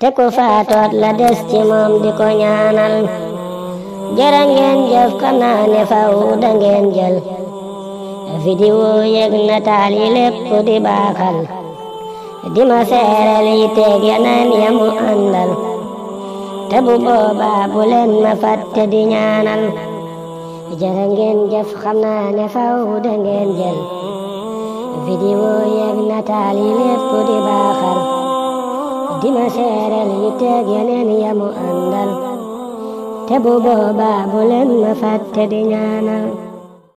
te ku faatoot la des ci moom di ko ñaanal jërë ngeen jëf xam naa ne ngeen jël vidéo yeeg nataal yi lépp di baaxal di ma seeral yi teeg yeneen yamu àndal te bu boobaa bu leen ma fàtte di ñaanal jërë ngeen jëf xam naa ne ngeen jël vidéo yeeg nataal yi lépp di baaxal dima seereel yi teeg yeneen yamu àndal te bu boobaa bu leen ma fàtte di ñaanal